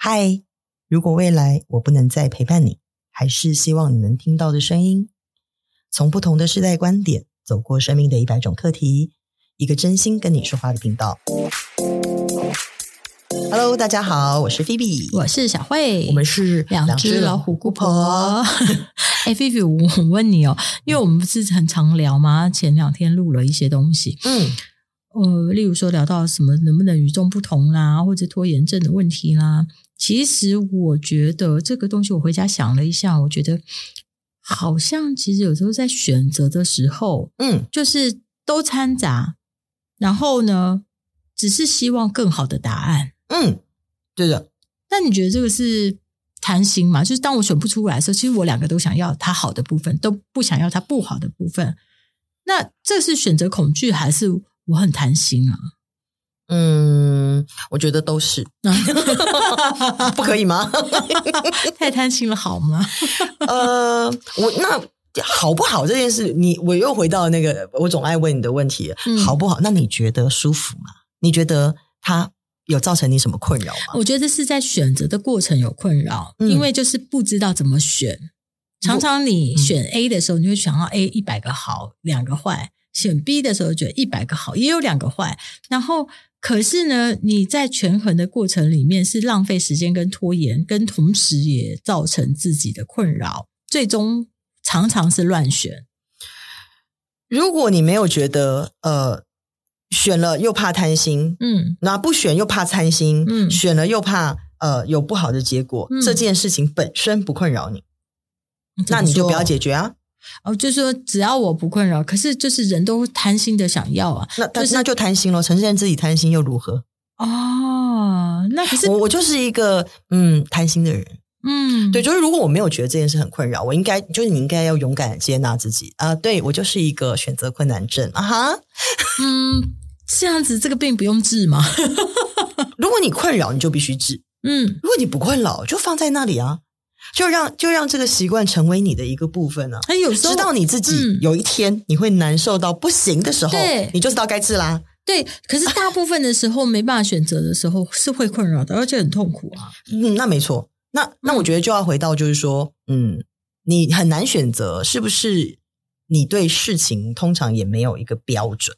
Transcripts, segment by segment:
嗨，如果未來我不能再陪伴你，還是希望你能聽到的聲音，從不同的世代觀點走過生命的一百種課題，一個真心跟你說話的頻道。Hello，大家好，我是菲比，我是小慧，我們是兩隻老虎姑婆。哎，Phoebe，我問你哦，因為我們不是很常聊嗎？前兩天錄了一些東西，嗯。呃，例如說聊到什麼能不能與眾不同啦，或者拖延症的問題啦，其實我覺得這個東西我回家想了一下，我覺得好像其實有時候在選擇的時候，嗯，就是都摻雜，然後呢，只是希望更好的答案。嗯，對的。那你覺得這個是貪心嗎？就是當我選不出來的時候，其實我兩個都想要他好的部分，都不想要他不好的部分。那這是選擇恐懼還是？我很貪心啊，嗯，我覺得都是， 不可以嗎？ 太貪心了好嗎？ 呃，我那好不好這件事，你我又回到那個我總愛問你的問題，嗯，好不好？那你覺得舒服嗎？你覺得它有造成你什麼困擾嗎？我覺得是在選擇的過程有困擾，嗯，因為就是不知道怎麼選，常常你選 A 的時候，嗯，你就會想要 A 一百個好，兩個壞。選 B 的時候，覺得一百個好，也有兩個壞。然後，可是呢，你在權衡的過程裡面是浪費時間跟拖延，跟同時也造成自己的困擾。最終常常是亂選。如果你沒有覺得呃選了又怕貪心，嗯，那不選又怕貪心，嗯，選了又怕呃有不好的結果，嗯，這件事情本身不困擾你，那你就不要解決啊。哦，就是說，只要我不困擾，可是就是人都貪心的想要啊。那但、就是那，那就貪心咯，承認自己貪心又如何？哦，那可是我我就是一個嗯貪心的人，嗯，對，就是如果我沒有覺得這件事很困擾，我應該就是你應該要勇敢接納自己啊、呃。對，我就是一個選擇困難症啊哈。嗯，這樣子這個病不用治嗎？ 如果你困擾，你就必須治。嗯，如果你不困擾，就放在那裡啊。就讓就讓這個習慣成為你的一個部分呢、啊。他有時候知道你自己有一天你會難受到不行的時候，嗯、對，你就知道該治啦。對，可是大部分的時候、啊、沒辦法選擇的時候是會困擾的，而且很痛苦啊。嗯，那沒錯。那那我覺得就要回到就是說，嗯，嗯你很難選擇，是不是？你對事情通常也沒有一個標準。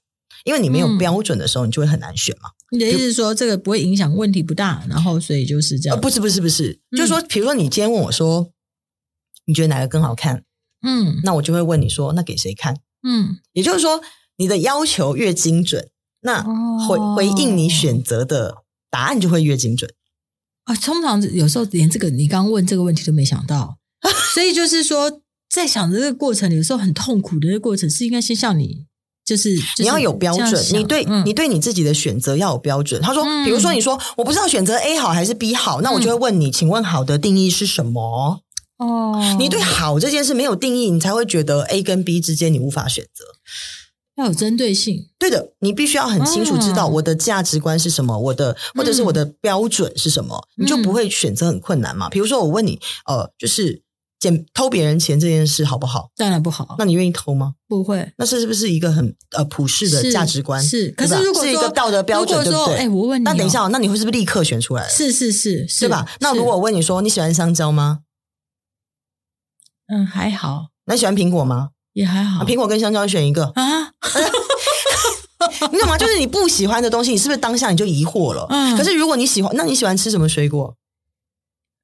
因為你沒有標準的時候，你就會很難選嘛。你的意思是說，這個不會影響，問題不大，然後所以就是這樣，哦。不是不是不是，嗯、就是說，比如說你今天問我說、嗯，你覺得哪個更好看？嗯，那我就會問你說，那給誰看？嗯，也就是說，你的要求越精準，那回、哦、回應你選擇的答案就會越精準，哦。啊，通常有時候連這個你剛問這個問題都沒想到，啊、所以就是說， 在想的這個過程有時候很痛苦的。這個過程是應該先向你。就是、就是、你要有標準，你對、嗯、你對你自己的選擇要有標準。他說，比如說你說我不知道選擇 A 好還是 B 好，那我就會問你、嗯，請問好的定義是什麼？哦，你對好這件事沒有定義，你才會覺得 A 跟 B 之間你無法選擇。要有針對性，對的，你必須要很清楚知道我的價值觀是什麼？哦、我的或者是我的標準是什麼、嗯，你就不會選擇很困難嘛。比如說我問你，呃，就是。撿偷別人錢這件事好不好？當然不好。那你願意偷嗎？不會。那是是不是一個很呃普世的價值觀是？是，可是如果說是一個道德標準，就對，對不對？哎、欸，我問你、哦，那等一下，那你會是不是立刻選出來？是是是，對吧？那如果我問你說你喜歡香蕉嗎？嗯，還好。那你喜歡蘋果嗎？也還好。啊、蘋果跟香蕉選一個啊？ 你懂嗎？就是你不喜歡的東西，你是不是當下你就疑惑了？嗯。可是如果你喜歡，那你喜歡吃什麼水果？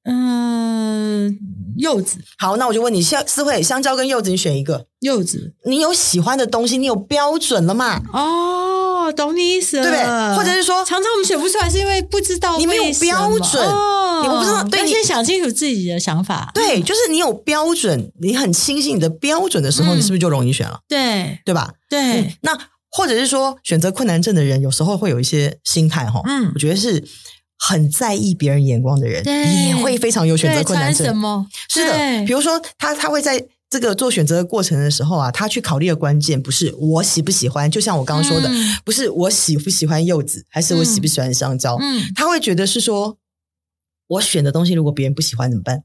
嗯。柚子，好，那我就問你，香思慧香蕉跟柚子，你選一個柚子。你有喜歡的東西，你有標準了嘛？哦，懂你意思了，對不對？或者是說，常常我們選不出來，是因為不知道你沒有標準，哦、你不知道對，先想清楚自己的想法、嗯。對，就是你有標準，你很清晰你的標準的時候、嗯，你是不是就容易選了？嗯、對，對吧？對、嗯。那或者是說，選擇困難症的人有時候會有一些心態哈，嗯，我覺得是很在意別人眼光的人，對也會非常有選擇困難症。是的，比如說他他會在這個做選擇的過程的時候啊，他去考慮的關鍵不是我喜不喜歡，就像我剛剛說的，嗯、不是我喜不喜歡柚子，還是我喜不喜歡香蕉、嗯嗯，他會覺得是說，我選的東西如果別人不喜歡怎麼辦？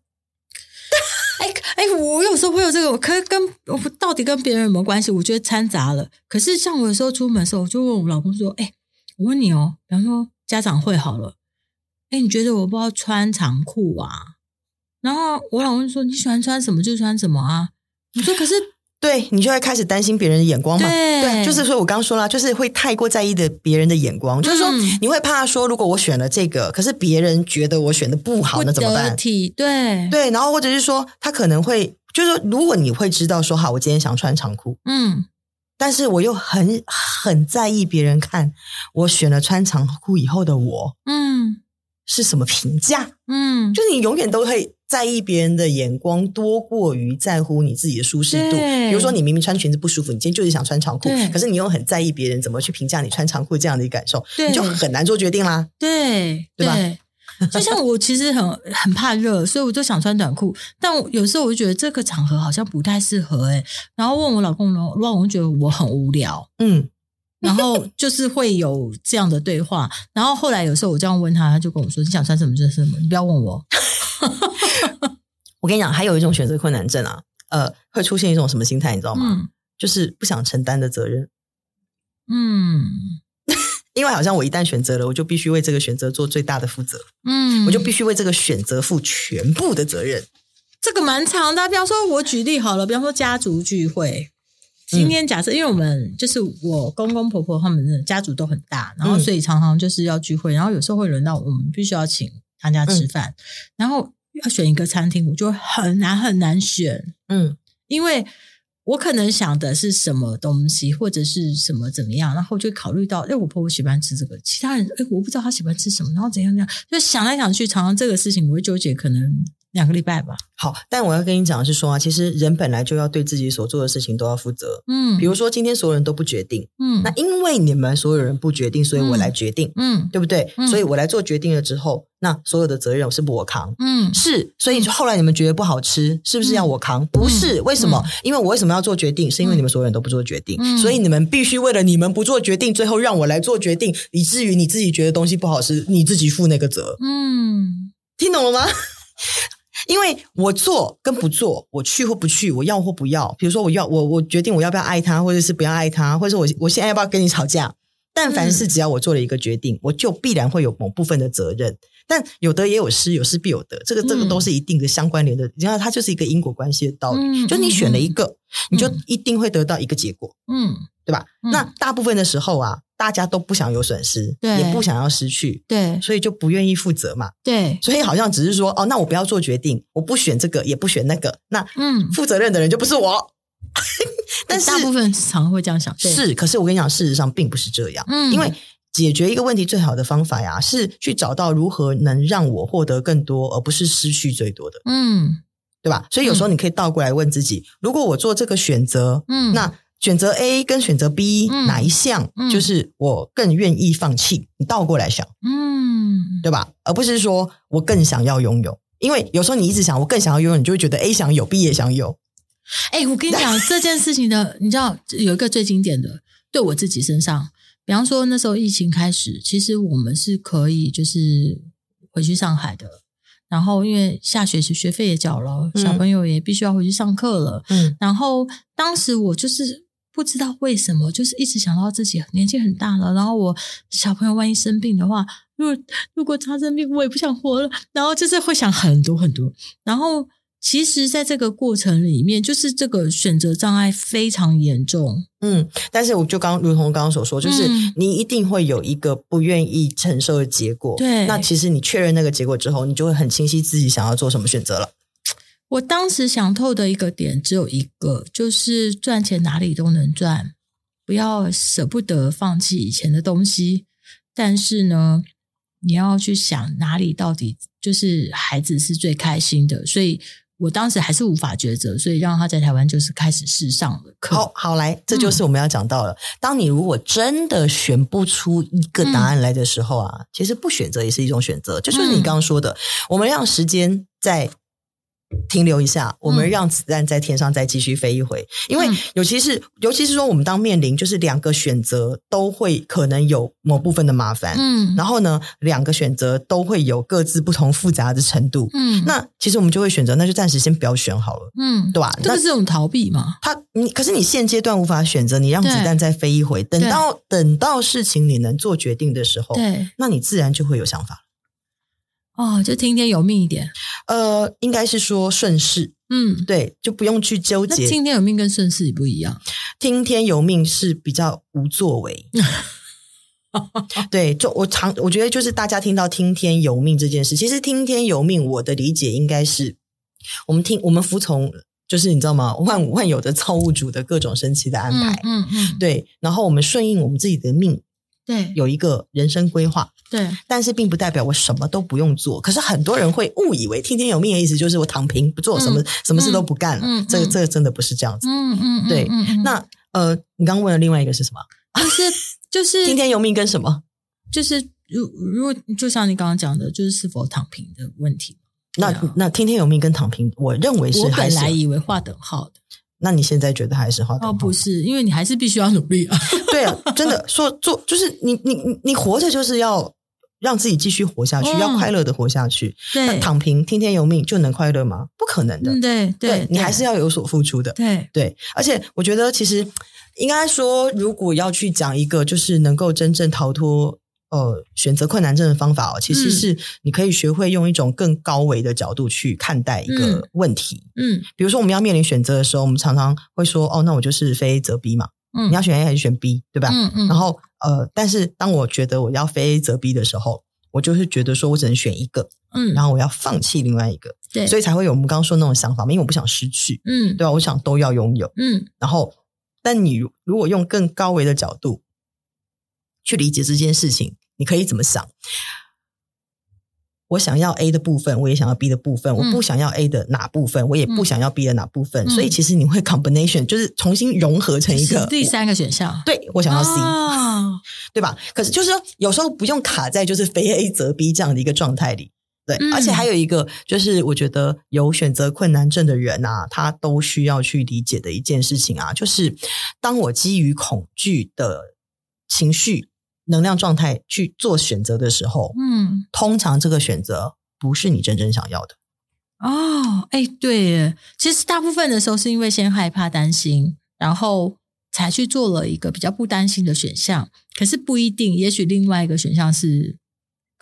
哎哎，我有時候會有這個，我可跟我到底跟別人有沒有關係？我覺得摻雜了。可是像我有時候出門的時候，我就問我老公說：“哎，我問你哦，然後家長會好了，哎，你覺得我不要穿長褲啊？”然後我老公說：“你喜歡穿什麼就穿什麼啊！”你說：“可是。對，你就會開始擔心別人的眼光嘛，對？”對，就是說我剛剛說了，就是會太過在意的別人的眼光，就是說，嗯，你會怕說，如果我選了這個，可是別人覺得我選的不好，不那怎麼辦？體對對，然後或者是說他可能會就是說，如果你會知道說哈，我今天想穿長褲，嗯，但是我又很很在意別人看我選了穿長褲以後的我，嗯，是什麼評價？嗯，就是你永遠都會。在意別人的眼光多過於在乎你自己的舒適度。比如說，你明明穿裙子不舒服，你今天就是想穿長褲，可是你又很在意別人怎麼去評價你穿長褲這樣的一個感受，你就很難做決定啦。對，對吧？對就像我其實很很怕熱，所以我就想穿短褲，但有時候我就覺得這個場合好像不太適合哎、欸。然後問我老公呢，哇，我就覺得我很無聊。嗯，然後就是會有這樣的對話。然後後來有時候我這樣問他，他就跟我說：“你想穿什麼就是什麼，你不要問我。 ”我跟你講，還有一種選擇困難症啊，呃，會出現一種什麼心態，你知道嗎？嗯、就是不想承擔的責任。嗯， 因為好像我一旦選擇了，我就必須為這個選擇做最大的負責。嗯，我就必須為這個選擇負全部的責任。這個蠻長的，比方說，我舉例好了，比方說家族聚會、嗯。今天假設，因為我們就是我公公婆婆他們的家族都很大，然後所以常常就是要聚會，嗯、然後有時候會輪到我們必須要請他家吃飯，嗯、然後。要選一個餐廳，我就很難很難選，嗯，因為我可能想的是什麼東西，或者是什麼怎麼樣，然後就考慮到，哎，我婆婆喜歡吃這個，其他人，哎，我不知道她喜歡吃什麼，然後怎樣怎樣，就想來想去，常常這個事情我會糾結，可能。兩個禮拜吧。好，但我要跟你講的是說啊，其實人本來就要對自己所做的事情都要負責。嗯，比如說今天所有人都不決定，嗯，那因為你們所有人不決定，所以我來決定，嗯，對不對？嗯，所以我來做決定了之後，那所有的責任是不是我扛？嗯，是。所以後來你們覺得不好吃，是不是要我扛？嗯，不是，為什麼？嗯，因為我為什麼要做決定？是因為你們所有人都不做決定，嗯，所以你們必須為了你們不做決定，最後讓我來做決定，以至於你自己覺得東西不好吃，你自己負那個責。嗯，聽懂了嗎？因為我做跟不做，我去或不去，我要或不要。比如說我，我要我我決定我要不要愛他，或者是不要愛他，或者是我我現在要不要跟你吵架？但凡是只要我做了一個決定，我就必然會有某部分的責任。但有得也有失，有失必有得，這個這個都是一定的相關聯的。然後它就是一個因果關係的道理。就你選了一個，你就一定會得到一個結果，嗯，對吧？那大部分的時候啊。大家都不想有損失，也不想要失去，對，所以就不願意負責嘛，對，所以好像只是說哦，那我不要做決定，我不選這個，也不選那個，那嗯，負責任的人就不是我。 但是但大部分常會這樣想是，可是我跟你講，事實上並不是這樣，嗯，因為解決一個問題最好的方法呀，是去找到如何能讓我獲得更多，而不是失去最多的，嗯，對吧？所以有時候你可以倒過來問自己，嗯，如果我做這個選擇，嗯，那。選擇 A 跟選擇 B、嗯、哪一項就是我更願意放棄，嗯？你倒過來想，嗯，對吧？而不是說我更想要擁有，因為有時候你一直想我更想要擁有，你就會覺得 A 想有，B 也想有。哎、欸，我跟你講 這件事情的，你知道有一個最經典的，對我自己身上，比方說那時候疫情開始，其實我們是可以就是回去上海的，然後因為下學期學費也繳了，小朋友也必須要回去上課了，嗯，然後當時我就是。不知道為什麼，就是一直想到自己年紀很大了，然後我小朋友萬一生病的話，如果如果他生病，我也不想活了。然後就是會想很多很多。然後其實，在這個過程裡面，就是這個選擇障礙非常嚴重。嗯，但是我就剛，如同剛剛所說，就是你一定會有一個不願意承受的結果。對、嗯，那其實你確認那個結果之後，你就會很清晰自己想要做什麼選擇了。我當時想透的一個點只有一個，就是賺錢哪裡都能賺，不要捨不得放棄以前的東西。但是呢，你要去想哪裡到底就是孩子是最開心的。所以我當時還是無法抉擇，所以讓他在台灣就是開始試上了課。好、哦，好來，這就是我們要講到了、嗯。當你如果真的選不出一個答案來的時候啊、嗯，其實不選擇也是一種選擇，就是你剛剛說的，嗯、我們讓時間在。停留一下，我們讓子彈在天上再繼續飛一回，嗯，因為尤其是尤其是說，我們當面臨就是兩個選擇，都會可能有某部分的麻煩，嗯，然後呢，兩個選擇都會有各自不同複雜的程度，嗯，那其實我們就會選擇，那就暫時先不要選好了，嗯，對吧？那是這種逃避嘛？他你可是你現階段無法選擇，你讓子彈再飛一回，等到等到事情你能做決定的時候，對，那你自然就會有想法了。哦，就聽天由命一點。呃，應該是說順勢。嗯，對，就不用去糾結。那聽天由命跟順勢也不一樣。聽天由命是比較無作為。 對，就我常我覺得就是大家聽到聽天由命這件事，其實聽天由命我的理解應該是，我們聽我們服從，就是你知道嗎？萬無萬有的造物主的各種神奇的安排。嗯嗯，嗯。對，然後我們順應我們自己的命。對。有一個人生規劃。對，但是並不代表我什麼都不用做。可是很多人會誤以為“聽天由命”的意思就是我躺平，不做什麼、嗯嗯，什麼事都不幹了。嗯嗯、這個、這個真的不是這樣子。嗯嗯對。嗯那呃，你剛剛問了另外一個是什麼？啊，是就是“聽天由命”跟什麼？就是如如就像你剛剛講的，就是是否躺平的問題。那、啊、那、那“聽天由命”跟躺平，我認為是，還是、啊，我本來以為劃等號的。那你現在覺得還是劃等號的？哦，不是，因為你還是必須要努力啊。 對啊，真的說做就是你你你你活着就是要。讓自己繼續活下去、哦，要快樂的活下去。對，躺平、聽天由命就能快樂嗎？不可能的。嗯、對，對，對你還是要有所付出的。對對，對，而且我覺得，其實應該說，如果要去講一個就是能夠真正逃脫呃選擇困難症的方法哦，其實是你可以學會用一種更高維的角度去看待一個問題嗯。嗯，比如說我們要面臨選擇的時候，我們常常會說：“哦，那我就是非 A 則 B 嘛。”你要選 A 還是選 B，、嗯、對吧？嗯嗯、然後呃，但是當我覺得我要非 A 則 B 的時候，我就是覺得說我只能選一個，嗯、然後我要放棄另外一個，嗯嗯、所以才會有我們剛剛說那種想法，因為我不想失去，嗯、對吧、啊？我想都要擁有，嗯嗯、然後，但你如如果用更高維的角度去理解這件事情，你可以怎麼想？我想要 A 的部分，我也想要 B 的部分、嗯，我不想要 A 的哪部分，我也不想要 B 的哪部分，嗯、所以其實你會 combination，就是重新融合成一個、就是、第三個選項。對，我想要 C，、哦、對吧？可是就是說，有時候不用卡在就是非 A 則 B 這樣的一個狀態裡，對。嗯、而且還有一個，就是我覺得有選擇困難症的人啊，他都需要去理解的一件事情啊，就是當我基於恐懼的情緒。能量狀態去做選擇的時候，嗯，通常這個選擇不是你真正想要的。哦，哎、欸，對，其實大部分的時候是因為先害怕、擔心，然後才去做了一個比較不擔心的選項。可是不一定，也許另外一個選項是。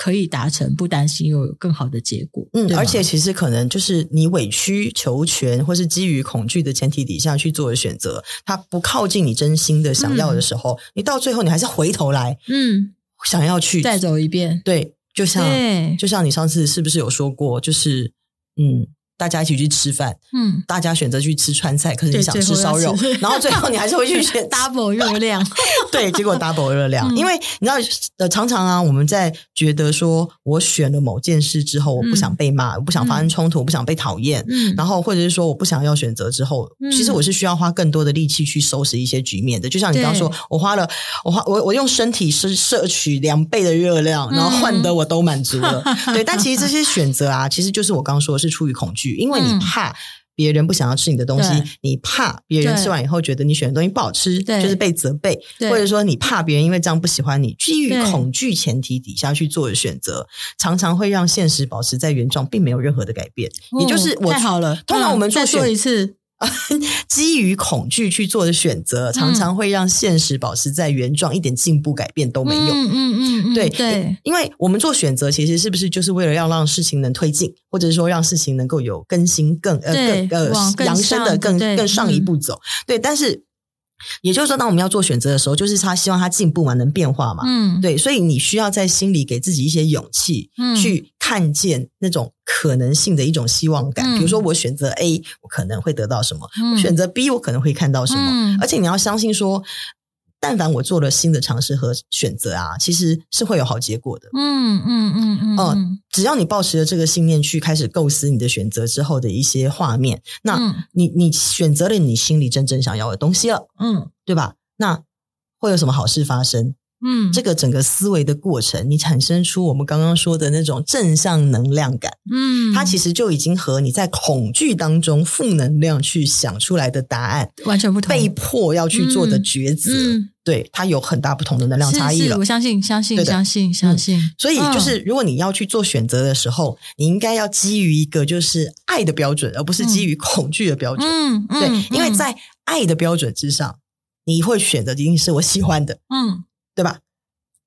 可以達成，不擔心又有更好的結果。嗯，而且其實可能就是你委曲求全，或是基於恐懼的前提底下去做的選擇，它不靠近你真心的想要的時候，嗯，你到最後你還是回頭來，嗯，想要去再走一遍。對，就像，就像你上次是不是有說過，就是嗯。大家一起去吃飯，嗯，大家選擇去吃川菜，可是你想吃燒肉吃，然後最後你還是會去選 double 熱量， 對，結果 double 熱量、嗯，因為你知道，呃，常常啊，我們在覺得說我選了某件事之後，我不想被罵、嗯，我不想發生衝突、嗯，我不想被討厭、嗯，然後或者是說我不想要選擇之後、嗯，其實我是需要花更多的力氣去收拾一些局面的，就像你剛剛說，我花了，我花我我用身體攝攝取兩倍的熱量，然後換得我都滿足了、嗯，對，但其實這些選擇啊， 其實就是我剛剛說的是出於恐懼。因為你怕別人不想要吃你的東西、嗯，你怕別人吃完以後覺得你選的東西不好吃，對，就是被責備，對，或者說你怕別人因為這樣不喜歡你，基於恐懼前提底下去做的選擇，常常會讓現實保持在原狀，並沒有任何的改變。嗯、也就是我太好了。通常我們、嗯、再說一次。 啊，基於恐懼去做的選擇，常常會讓現實保持在原狀、嗯，一點進步改變都沒有。嗯嗯嗯，嗯，對對，因為我們做選擇，其實是不是就是為了要讓事情能推進，或者是說讓事情能夠有更新更、呃、更呃更呃揚升的更、更更上一步走？嗯、對，但是。也就是說，當我們要做選擇的時候，就是他希望他進步嘛，能變化嘛，嗯，對，所以你需要在心裡給自己一些勇氣，嗯，去看見那種可能性的一種希望感。嗯，比如說，我選擇 A，我可能會得到什麼？嗯，我選擇 B，我可能會看到什麼？嗯，而且你要相信說。但凡我做了新的嘗試和選擇啊，其實是會有好結果的。嗯嗯嗯嗯，哦、嗯呃，只要你抱持着這個信念去開始構思你的選擇之後的一些畫面，那你你選擇了你心裡真正想要的東西了，嗯，對吧？那會有什麼好事發生？嗯，這個整個思維的過程，你產生出我們剛剛說的那種正向能量感，嗯，它其實就已經和你在恐懼當中負能量去想出來的答案完全不同。被迫要去做的抉擇，嗯、對它有很大不同的能量差異了。我相信，相信，對對相信，相信。嗯嗯嗯、所以，就是如果你要去做選擇的時候，你應該要基於一個就是愛的標準，而不是基於恐懼的標準。嗯嗯，對嗯，因為在愛的標準之上，你會選擇的一定是我喜歡的。嗯。對吧？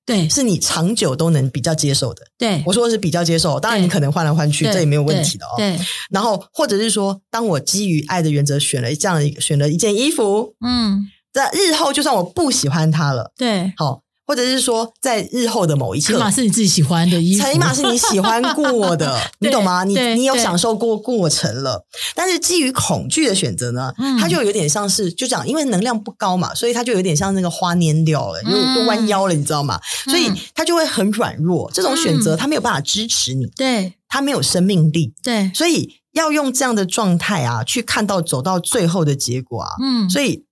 對，是你長久都能比較接受的。對，我說的是比較接受。當然，你可能換來換去，這也沒有問題的哦，對。對。然後，或者是說，當我基於愛的原則選了這樣一選了一件衣服，嗯，在日後就算我不喜歡它了，對，好。或者是說，在日後的某一刻，起碼是你自己喜歡的衣服，起碼是你喜歡過的， 你懂嗎？你你有享受過過程了，但是基於恐懼的選擇呢，嗯、它就有點像是，就這樣，因為能量不高嘛，所以它就有點像那個花蔫掉了，又又彎腰了、嗯，你知道嗎？所以它就會很軟弱。這種選擇，它沒有辦法支持你，對、嗯，它沒有生命力，對，所以要用這樣的狀態啊，去看到走到最後的結果啊，嗯，所以。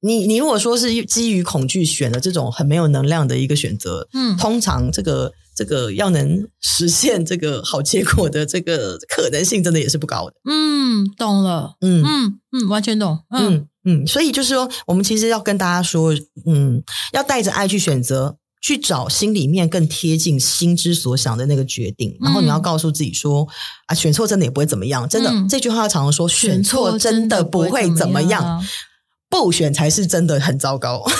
你你如果說是基於恐懼選了這種很沒有能量的一個選擇，嗯，通常這個這個要能實現這個好結果的這個可能性，真的也是不高的。嗯，懂了，嗯嗯嗯，完全懂，嗯嗯，嗯。所以就是說，我們其實要跟大家說，嗯，要帶着愛去選擇，去找心裡面更貼近心之所想的那個決定。然後你要告訴自己說，嗯、啊，選錯真的也不會怎麼樣。真的、嗯、這句話常常說，選錯真的不會怎麼樣。候選才是真的很糟糕。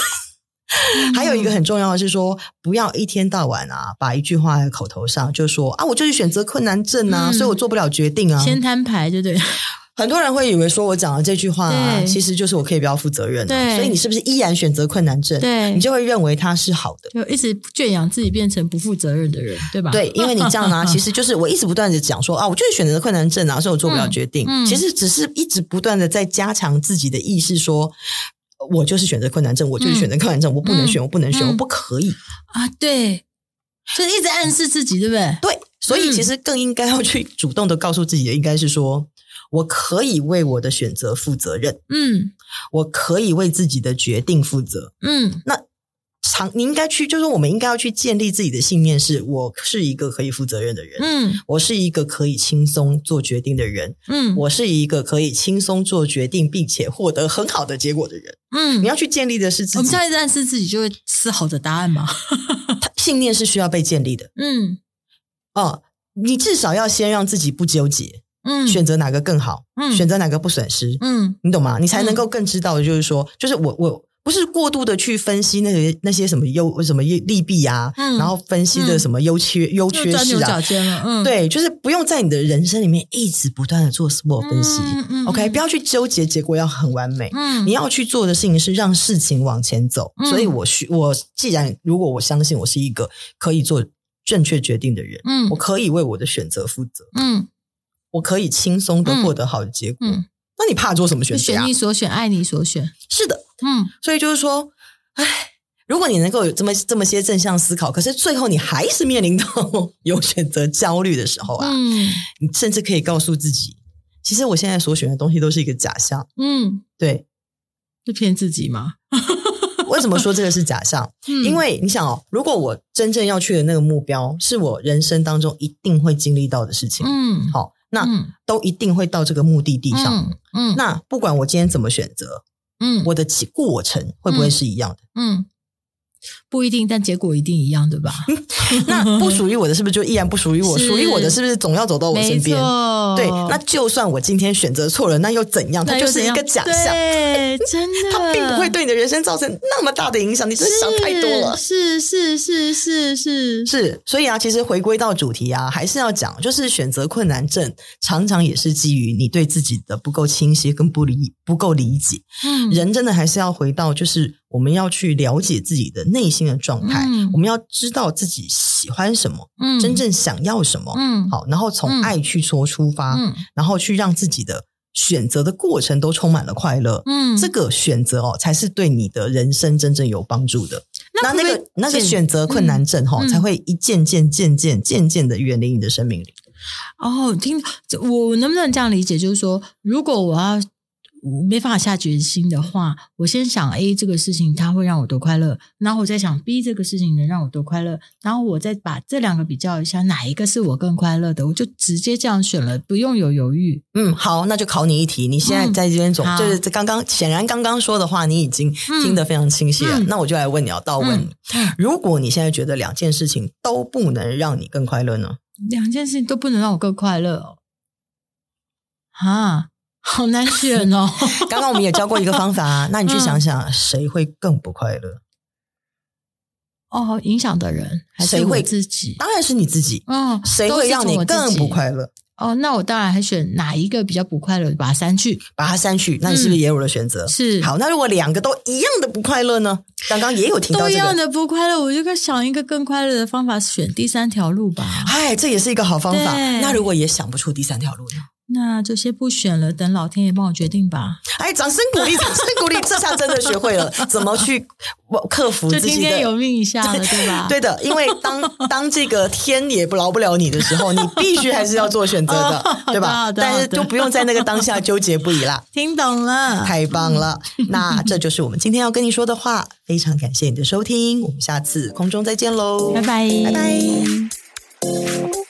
還有一個很重要的是說，不要一天到晚啊，把一句話在口頭上就說啊，我就是選擇困難症啊、嗯，所以我做不了決定啊。先攤牌就對了，對對。很多人會以為說，我講了這句話啊，其實就是我可以不要負責任，啊對，所以你是不是依然選擇困難症？對你就會認為他是好的，就一直圈養自己變成不負責任的人，對吧？對，因為你這樣啊， 其實就是我一直不斷的講說 啊，我就是選擇困難症，然後是我做不了決定，嗯嗯。其實只是一直不斷的在加強自己的意識說，說我就是選擇困難症，我就是選擇困難症，我不能選，嗯，我不能選，嗯嗯，我不可以啊。對，所以一直暗示自己，對不對？對，所以其實更應該要去主動的告訴自己的應該是說。我可以為我的選擇負責任，嗯，我可以為自己的決定負責，嗯。那常你應該去，就是我們應該要去建立自己的信念是，是我是一個可以負責任的人，嗯，我是一個可以輕鬆做決定的人，嗯，我是一個可以輕鬆做決定並且獲得很好的結果的人，嗯。你要去建立的是自己，你再一次暗示自己就會絲毫的答案嗎？ 信念是需要被建立的，嗯。哦，你至少要先讓自己不糾結。嗯，選擇哪個更好？嗯？選擇哪個不損失？嗯，你懂嗎？你才能夠更知道的就是說，嗯、就是我我不是過度的去分析那些那些什麼優什麼利弊啊、嗯，然後分析的什麼優缺、嗯、優缺失啊又鑽牛角尖了、嗯，對，就是不用在你的人生裡面一直不斷的做什麼分析、嗯、，OK，不要去糾結，嗯、結果要很完美、嗯。你要去做的事情是讓事情往前走。嗯、所以我需我既然如果我相信我是一個可以做正確決定的人，嗯，我可以為我的選擇負責，嗯。我可以輕鬆的獲得好的結果。嗯嗯、那你怕做什麼選擇啊？選你所選，愛你所選。是的，嗯。所以就是說，唉，如果你能夠有這麼這麼些正向思考，可是最後你還是面臨到有選擇焦慮的時候啊。嗯，你甚至可以告訴自己，其實我現在所選的東西都是一個假象。嗯，對，是騙自己嗎？為 什麼說這個是假象？嗯，因為你想哦，如果我真正要去的那個目標，是我人生當中一定會經歷到的事情。嗯，好。那，嗯，都一定會到這個目的地上的，嗯嗯。那不管我今天怎麼選擇，嗯，我的過程會不會是一樣的？嗯嗯。不一定，但結果一定一樣，對吧？那不屬於我的是不是就依然不屬於我？屬於我的是不是總要走到我身邊？對，那就算我今天選擇錯了，那又怎樣？怎樣？它就是一個假象。對，真的，它並不會對你的人生造成那麼大的影響。你真是想太多了，是是是是是是，是，所以啊，其實回歸到主題啊，還是要講，就是選擇困難症常常也是基於你對自己的不夠清晰，跟不理不夠理解。嗯，人真的還是要回到就是。我們要去了解自己的內心的狀態，嗯、我們要知道自己喜歡什麼、嗯，真正想要什麼，嗯，好，然後從愛去說出發，嗯，然後去讓自己的選擇的過程都充滿了快樂，嗯，這個選擇哦，才是對你的人生真正有幫助的。那可不可以，那，那個那個選擇困難症哈、哦嗯，才會一件件、件件、件、件件的遠離你的生命裡。哦，聽，我能不能這樣理解？就是說，如果我要。沒辦法下決心的話，我先想 A 這個事情，它會讓我多快樂。然後我再想 B 這個事情能讓我多快樂。然後我再把這兩個比較一下，哪一個是我更快樂的，我就直接這樣選了，不用有猶豫。嗯，好，那就考你一題。你現在在這邊總、嗯、就是剛剛、嗯、顯然剛剛說的話，你已經聽得非常清晰了。嗯嗯、那我就來問你啊，倒問你、嗯，如果你現在覺得兩件事情都不能讓你更快樂呢？兩件事情都不能讓我更快樂、哦、哈。好難選哦！ 剛剛我們也教過一個方法，啊， 那你去想想、嗯，誰會更不快樂？哦，好，影響的人，還是你自己。誰會？當然是你自己。嗯、哦，誰會讓你更不快樂？哦，那我當然還選哪一個比較不快樂，把它刪去，把它刪去。那你是不是也有了選擇？嗯、是。好，那如果兩個都一樣的不快樂呢？剛剛也有聽到、這個、都一樣的不快樂，我就在想一個更快樂的方法，選第三條路吧。哎，這也是一個好方法。那如果也想不出第三條路呢？那這些不選了，等老天爺幫我決定吧。哎，掌聲鼓勵，掌聲鼓勵， 這下真的學會了怎麼去克服自己的。聽天由命一下了，對吧？對，對的，因為當當這個天也不饒不了你的時候， 你必須還是要做選擇的，對 吧、哦？但是就不用在那個當下糾結不已啦。 聽懂了，太棒了、嗯。那這就是我們今天要跟你說的話。 非常感謝你的收聽，我們下次空中再見嘍，拜拜拜拜。Bye bye